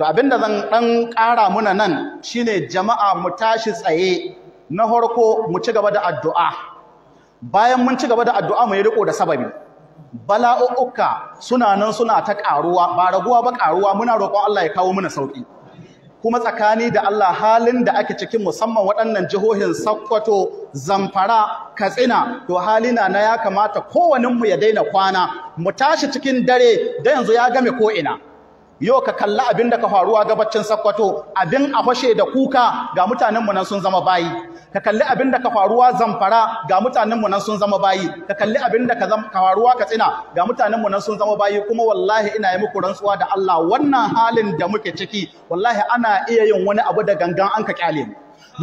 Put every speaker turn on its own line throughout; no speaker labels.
to da zan dan ƙara muna nan shine jama'a mu tashi tsaye na horko mu ci gaba da addu'a bayan mun ci gaba da addu'a mu yi riko da sababi bala'u'uka suna nan suna ta ƙaruwa ba raguwa ba ƙaruwa muna roƙo Allah ya kawo muna sauki kuma tsakani da Allah halin da ake cikin musamman waɗannan jihohin Sokoto, Zamfara, Katsina to halina na ya kamata kowaninmu ya daina kwana mu tashi cikin dare da yanzu ya game ko ina yau ka kalli abin da ka faruwa gabacin Sakkwato, abin a fashe da kuka ga mutanen nan sun zama bayi ka kalli abin da ka faruwa Zamfara ga mutanen nan sun zama bayi ka kalli abin da ka faruwa Katsina ga mutanen nan sun zama bayi kuma wallahi ina yi muku rantsuwa da Allah wannan halin da muke ciki wallahi ana iya yin wani abu da gangan an ka kyale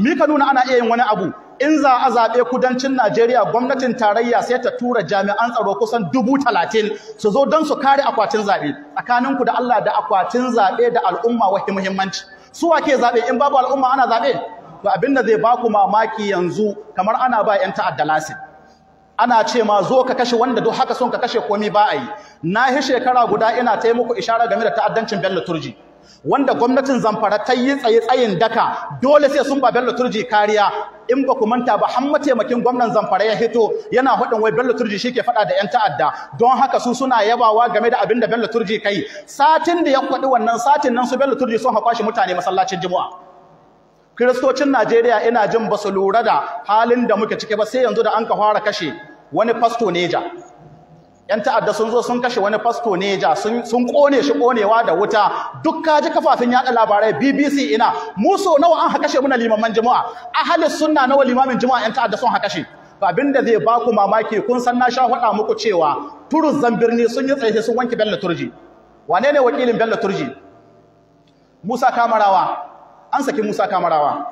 mu ka nuna ana iya yin wani abu in za a zaɓe kudancin Najeriya gwamnatin tarayya sai ta tura jami'an tsaro kusan dubu talatin su zo don su kare akwatin zaɓe tsakaninku da Allah da akwatin zaɓe da al'umma wahi muhimmanci su wake zaɓe in babu al'umma ana zaɓe to abin da zai baku mamaki yanzu kamar ana ba 'yan ta'adda lasin ana ce ma zo ka kashe wanda duk haka son ka kashe komi ba a yi na yi shekara guda ina taimako isharar ishara game da ta'addancin Bello Turji wanda gwamnatin zamfara ta yi tsaye tsayin daka dole sai sun ba bello turji kariya in ba ku manta ba har mataimakin gwamnan zamfara ya hito yana hudin wai bello turji shi ke faɗa da yan ta'adda don haka su suna yabawa game da abin da bello turji kai satin da ya kwaɗi wannan satin nan su bello turji sun haƙwa mutane masallacin juma'a kiristocin najeriya ina jin ba su lura da halin da muke ciki ba sai yanzu da an ka fara kashe wani fasto neja yan ta'adda sun zo sun kashe wani fasto ne ja sun kone shi konewa da wuta duk kaji kafafin yada labarai BBC ina muso nawa an haka shi muna limaman jama'a ahlus sunna nawa limamin jima'a yan ta'adda sun haka shi abin da zai baku mamaki kun san na sha hada muku cewa turuz birni sun yi tsaye sun wanke bello turji wane ne wakilin bello turji Musa Kamarawa an saki Musa Kamarawa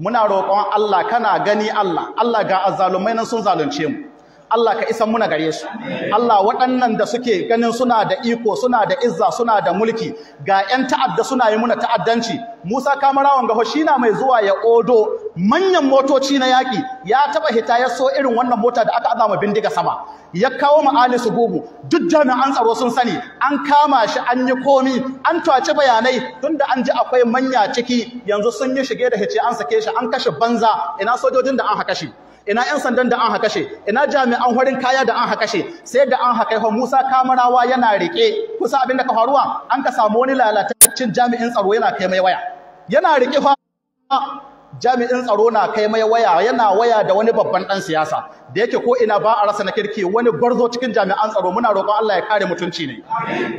muna roƙon Allah kana gani Allah Allah ga azzalumai nan sun zalunce mu Allah ka isan muna gare su Allah waɗannan da suke ganin suna da iko suna da izza suna da mulki ga 'yan ta'adda suna yi muna ta'addanci Musa Kamarawan gaho shi na mai zuwa ya odo manyan motoci na yaƙi ya taɓa hita ya so irin wannan mota da aka azama bindiga sama ya kawo ma'ali su gugu duk jami'an tsaro sun sani an kama shi an yi komi an twace bayanai tunda an ji akwai manya ciki yanzu sun yi shige da hice an sake shi an kashe banza ina sojojin da an haka shi ina yan sandan da an haka ina jami'an horin kaya da an haka sai da an haka Musa Kamarawa yana rike kusa abin da ka faruwa an ka samu wani lalatacin jami'in tsaro yana kai mai waya yana rike fa jami'in tsaro na kai mai waya yana waya da wani babban ɗan siyasa da yake ko ina ba a rasa na kirki wani barzo cikin jami'an tsaro muna roƙon Allah ya kare mutunci ne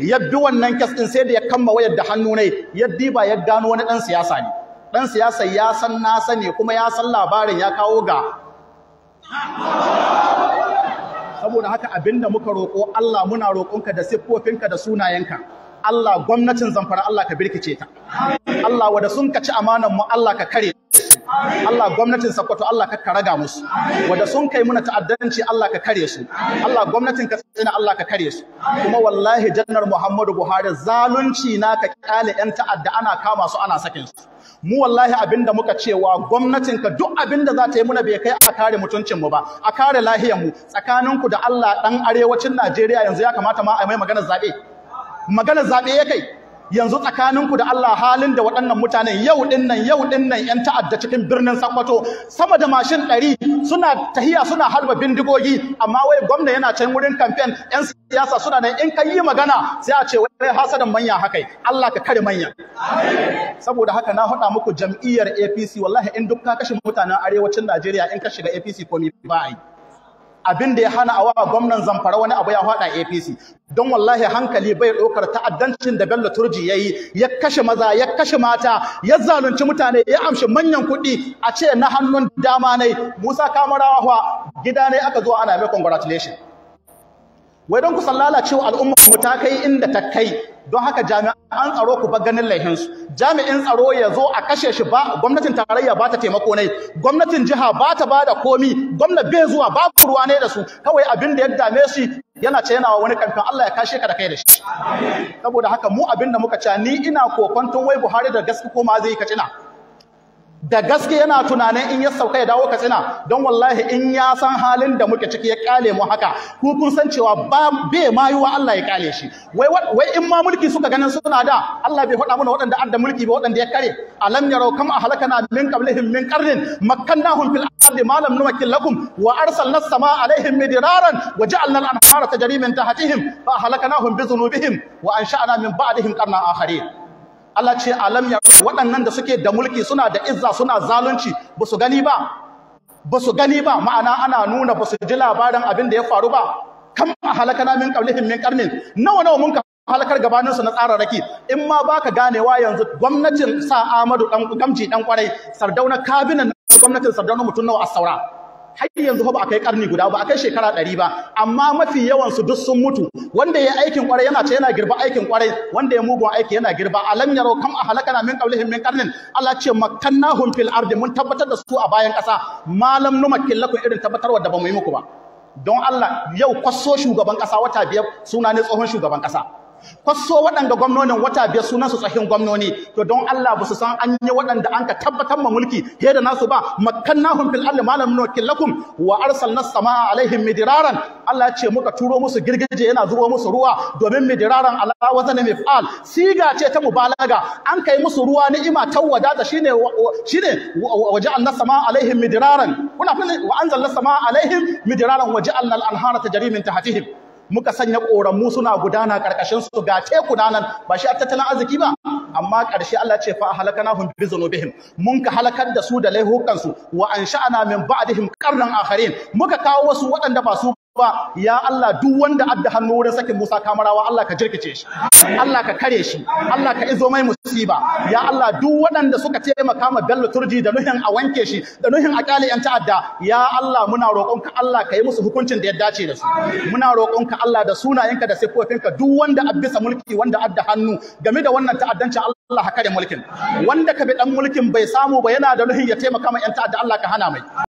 ya bi wannan kes din sai da ya kamma wayar da hannu ne ya diba ya gano wani dan siyasa ne dan siyasa ya san na sani kuma ya san labarin ya kawo ga saboda haka abinda muka roƙo Allah muna roƙonka da siffofinka da sunayenka Allah gwamnatin zamfara Allah ka birkice ta Allah wada sun ka ci amanan mu Allah ka kare Allah gwamnatin Sokoto Allah ka karaga musu wanda sun kai muna ta'addanci Allah ka kare su Allah gwamnatin Katsina Allah ka kare su kuma wallahi jannar Muhammadu Buhari zalunci na ka kyale yan ta'adda ana kama su ana sakin su mu wallahi abinda muka cewa gwamnatin ka duk abinda za ta yi muna bai kai a kare mutuncin mu ba a kare lahiyar mu tsakanin ku da Allah dan arewacin Najeriya yanzu ya kamata ma a mai maganar zabe maganar zabe ya kai yanzu tsakaninku da Allah halin da waɗannan mutanen yau ɗinnan yau ɗinnan yan ta'adda cikin birnin Sakkwato, sama da mashin ɗari suna tahiya suna halba bindigogi amma wai gwamna yana can wurin kamfen yan siyasa suna nan in kan yi magana sai a ce wai hasadan manya haka Allah ka kare manya saboda haka na haɗa muku jam'iyyar APC wallahi in duk ka kashe mutanen arewacin Najeriya in ka shiga APC komai ba ai abin da ya hana awa gwamnan zamfara wani abu ya hada APC don wallahi hankali bai ɗaukar ta'addancin da Bello Turji yayi ya kashe maza ya kashe mata ya zalunci mutane ya amshi manyan kuɗi a ce na hannun dama nai Musa Kamarawa gida ne aka zo ana mai congratulation wai don ku lalacewa al'ummar mu ta kai inda ta kai don haka jami'an tsaro ku bar ganin laihinsu jami'in tsaro ya zo a kashe shi ba gwamnatin tarayya ba ta taimako ne gwamnatin jiha ba ta ba da komi gwamna bai zuwa babu ruwa ne da su kawai abin da ya dame shi yana ce yana wani kamfin Allah ya kashe ka da kai da shi saboda haka mu abin da muka ca ni ina kokonton wai Buhari da gaske ko ma zai yi kacina da gaske yana tunanin in ya sauka ya dawo katsina don wallahi in ya san halin da muke ciki ya kale mu haka ku kun san cewa ba bai ma Allah ya kale shi wai wai in ma mulki suka ganin suna da Allah bai faɗa mana waɗanda adda mulki ba waɗanda ya kare alam yarau kam ahlakana min qablihim min qarnin makkannahum fil ardi ma lam numakkil lakum wa arsalna as-samaa alaihim midraran wa ja'alna al-anhara tajri min tahtihim fa ahlaknahum bi dhunubihim wa ansha'na min ba'dihim qarnan akharin Allah ce alam ya waɗannan da suke da mulki suna da izza suna zalunci ba su gani ba ba su gani ba ma'ana ana nuna ba su ji labarin abin da ya faru ba kam a halakana min qablihim min qarnin nawa nawa mun ka halakar gabanin su na tsararraki in ma baka ganewa yanzu gwamnatin sa Ahmadu dan gamji dan kwarai sardauna kabinan gwamnatin sardauna mutun nawa a saura har yanzu ba a kai karni guda ba a kai shekara ɗari ba amma mafi yawan su duk sun mutu wanda ya aikin kwarai yana ce yana girba aikin kwarai wanda ya mugun aiki yana girba alam yaro kam a ahlakana min qablihim min qarnin Allah ce makkannahum fil ardi mun tabbatar da su a bayan ƙasa malam numakin lakum irin tabbatarwa da bamu yi muku ba don Allah yau kwaso shugaban ƙasa wata biyar suna ne tsohon shugaban ƙasa kwaso waɗanda gwamnonin wata biyar sunansu tsahin gwamnoni to don Allah ba su san an yi waɗanda an ka tabbatar ma mulki he da nasu ba makkannahum fil ardi ma lam nukillakum wa arsalna samaa alaihim midiraran Allah ya ce muka turo musu girgije yana zubo musu ruwa domin midiraran ala wazan mif'al siga ce ta mubalaga an kai musu ruwa ni'ima tawwada ta shine shine waja'alna samaa alaihim midiraran kuna wa anzalna samaa alaihim midiraran waja'alna al-anhara tajri min tahtihim muka sanya ƙoramu suna gudana ƙarƙashin su ga teku nan ba shi a tattalin arziki ba amma ƙarshe Allah ce fa halakanahum bi zunubihim mun ka halakar da su da laihukan su wa ansha'na min ba'dihim qarnan akharin muka kawo wasu waɗanda ba su ba ya Allah duk wanda adda hannu wurin sakin Musa kamarawa Allah ka jirkice shi Allah ka kare shi Allah ka izo mai musiba ya Allah duk waɗanda suka taimaka ma Bello Turji da nuhin a wanke shi da nuhin a kyale yan ta'adda ya Allah muna ka Allah ka yi musu hukuncin da ya dace da su muna ka Allah da sunayenka da sifofinka duk wanda abbisa mulki wanda adda hannu game da wannan ta'addancin Allah Allah ka kare mulkin wanda ka bi dan mulkin bai samu ba yana da nuhin ya taimaka ma yan ta'adda Allah ka hana mai